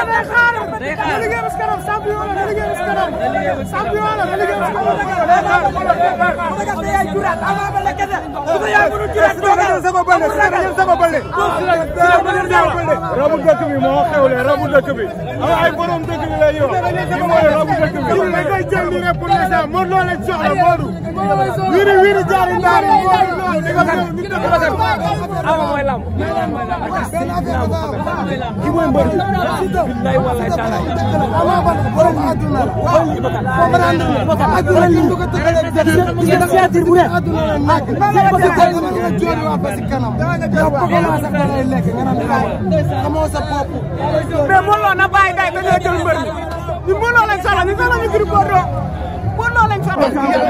day xaaral na liggéey ba si kanam champion la na liggéey ba si kanam champion la na liggéey ba si kanam rabu dëkk bi moo xewle rabu dëkk bi ay borom dëkk bi lay yow li mooy rabu dëkk bi da koy jël ni rek pour l'instant moo loo leen soxla moodu wiri wiri jaari ndaar yi mooy lamb billahi wallahi taala Ama Baldé borom àdduna la comprendre na bàyyi gay ba ñoo jël mbër mi ñu mënoo lañ soxla ñu soxla ñu Gris Bordeaux mënoo lañ soxla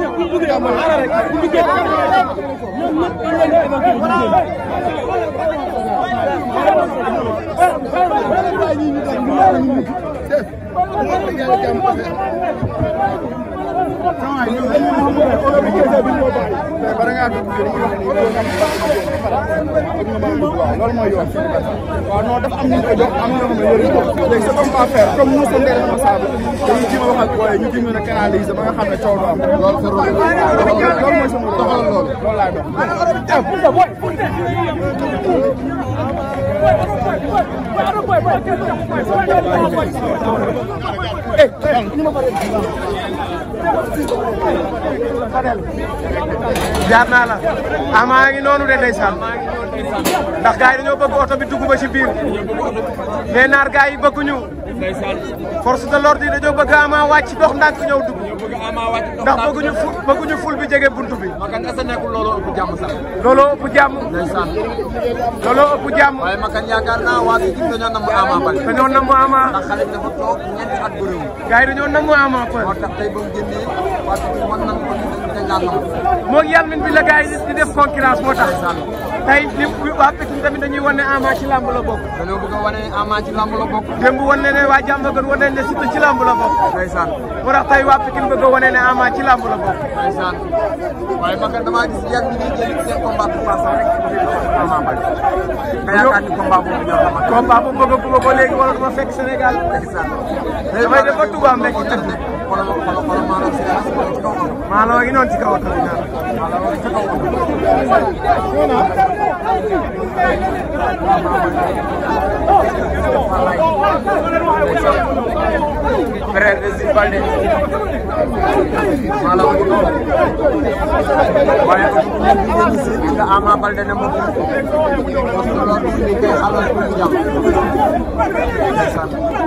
ñu waaw non dafa am ñu ko jox am na loo xam ne léegi c'est comme pas faire comme nous sommes des responsables dañuy jéem a wax ak booy ñu jéem leen a canaliser ba nga xam ne coow du am. loolu sa rôle loolu mooy sama doxal loolu loolu laay dox. eh ñu ma jaar naa la ah maa ngi noonu de ndeysaan ndax gars yi dañoo bëgg oto bi dugg ba ci biir mais naar gars yi bëgguñu force de l'ordre yi dañoo bëgg ama wàcc dox ndànk ñëw dugg ndax bëgguñu ful bëgguñu ful bi jege bunt bi. makan est-ce nekkul looloo ëpp jàmm sax. looloo ëpp jàmm. ndeysaan looloo ëpp jàmm. waaye makan yaakaar naa waa bi dañoo namm ama bal. dañoo namm ama. ndax moom yàlla min bi la gars di def concurrence moo tax. tey li waa Pikine tamit dañuy wane Ama ci lamb la bokk. dañoo bëgg a wane Ama ci lamb la bokk. démb wane ne waa Diamaguène wane a Siteu ci lamb la bokk. ndeysaan moo tax tey waa Pikine bëgg a wane ne Ama ci a la bokk. ndeysaan waaye man kat damaa gis yàgg ñu ngi jël seen combat bu passé rek ñu ngi doon Ama Baldé. nga yaakaar ni combat ma. combat bu bëgg a bëgg ko léegi wala dama fekk Sénégal. ndeysaan damay def ba Touba Mbeki tëdd. maalo gi noonu ci kaw oto bi naan frère de Jules Baldé maalo gi noonu waaye nga Ama Baldé ne moom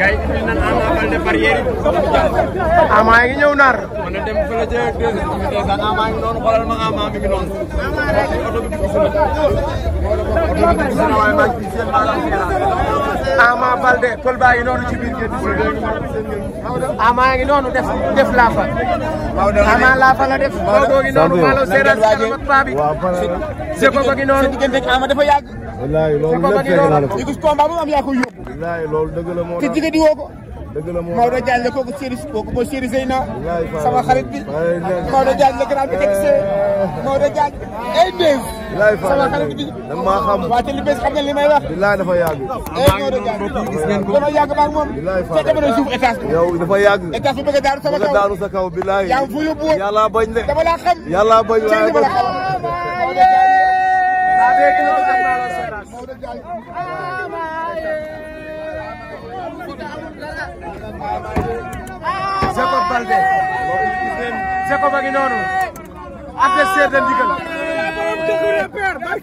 gars yi indi nañ Ama Baldé barrière yi pour soxla jàmm. Ama ngi ñëw nar. mën dem fële ca deux heures Ama ngi noonu xoolal ma Ama mi ngi noonu. Ama Balde Pël baa ngi noonu ci biir géej Ama ngi noonu def def laafa. Ama laafa la def. Maodo ngi noonu Malo Seereer ak paa bi. Seko ba ngi noonu. Ama dafa yàgg. wallaahi loolu lépp fekk naa la ko. gis combat bu am yaa ko yóbbu. wallaahi loolu dëgg la moo tax te jigéen di woo ko. dëgg la ah. Maodo Diagne la kooku Serigne kooku mooy Serigne Seyna sama xarit bi Maodo Diagne la grand bi tekse Maodo Diagne ay bés sama xarit bi dama xam waa te li bés xam nga li may wax bilaay dafa yàgg ay Maodo Diagne gis ngeen ko dama yàgg maag moom te dama doon suuf étage bi yow dafa yàgg étage bi bëgg a daaru sama kaw daaru sa kaw bilaay yaa fu yóbbu woon yàlla bañ de dama laa xam yàlla bañ waaye dama la xam Maodo Diagne Jacob Baldé Jacob a ngi noonu adversaire de ndigal Amaye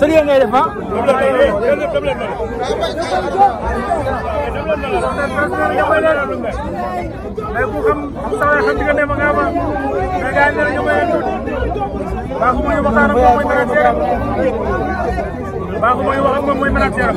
sëriñ ngay def ah. baaxul mooy wax ak moom mooy mën a seeram.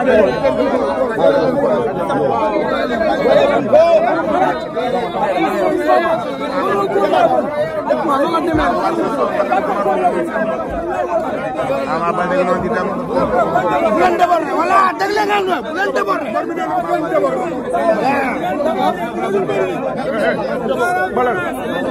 Ama Baldé ngi noonu di dem. bu leen déborder wala dégg leen nga bu leen déborder. bu leen déborder.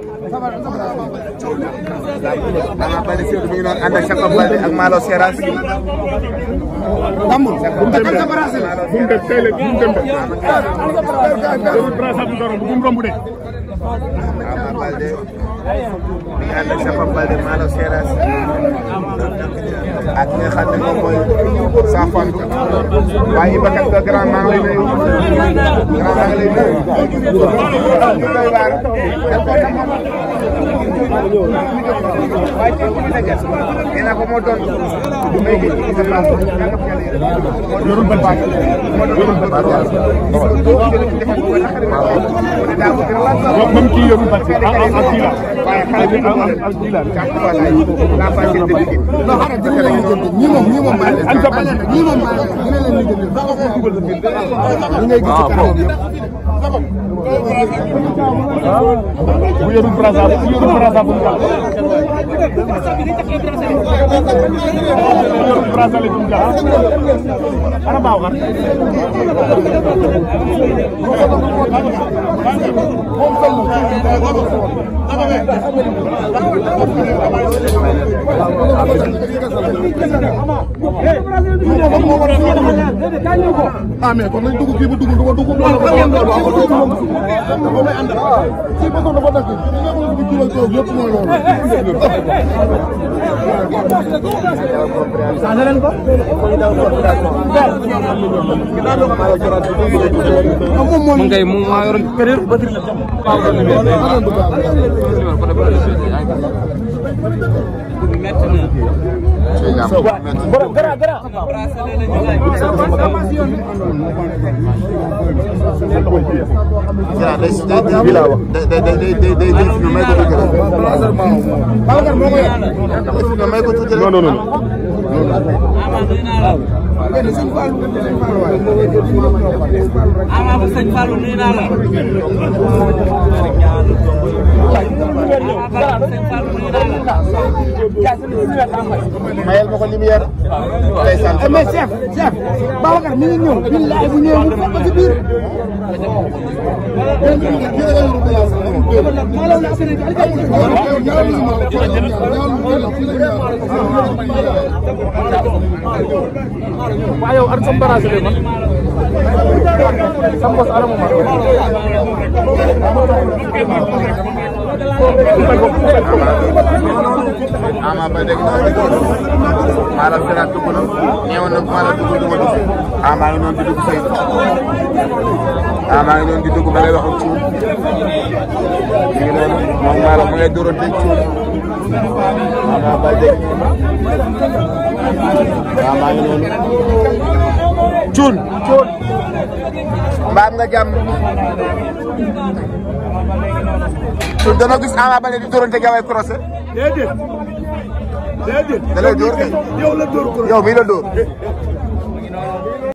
Ama Baldé Siteu mi ngi noonu ànd ak Jacob Baldé ak Malo Seras. Tambul bu mu dem de bu mu dem tey léegi bu mu dem de. Ama Baldé di ànd ak sa Pape Balde Malo Seras ak nga xam ne moom mooy sa fant waaye bakat nga grand maa ngi lay nuyu grand maa ngi lay nuyu ñu koy waar nee naa ko moo doon bu may gis ci sa place yorul bal baax moo doon bal baax yorul bal baax waaye xale bi am am jilaan la facile de l'équipe non xara dina leen lijjanti ñi moom ñi moom maa leen ñi moom maa leen dina leen lijjanti ba ko dugal sa biir ñi ngay gis ci kanam yëpp bu yëru brassard bu yëru brassard bu mu ah mais kon nañ dugg kii bu dugg dama dugg. waaw waaw waaw waaw Sadaran ko? Mun kay mun maa yoroon périr batir la jam. Gara gara. Gara day day day day day day day day day day day day day day Babacar maa ko moom. Babacar moo ko yor. may ko tuuti rek non non non. waaw kenn sëñ Fallou sëñ Fallou waaye. ah maa ngi sëñ Fallou nuyu naa la. mayel ma ko lumière. mais chef chef Babacar mi ngi ñëw billaay bu ñëwee mu fekk ci biir. waaw yow at sa barrage bi man. sa mbos alamu ma. Ama Baldé maala fela dugg na ñëw na maala dugg dugg dugg ama ngi noonu di dugg say ama ngi noonu di dugg ba ngay wax ak cuub ñu ngi noonu moom maala mu ngay dóorante cuub Ama Baldé ama ngi noonu cuun cuun mbaam nga jàmm te danoo gis Ama Baldé di dóorante ak yow ay procès. déedéet déedéet. da lay dóor kay yow la dóor yow mii la dóor.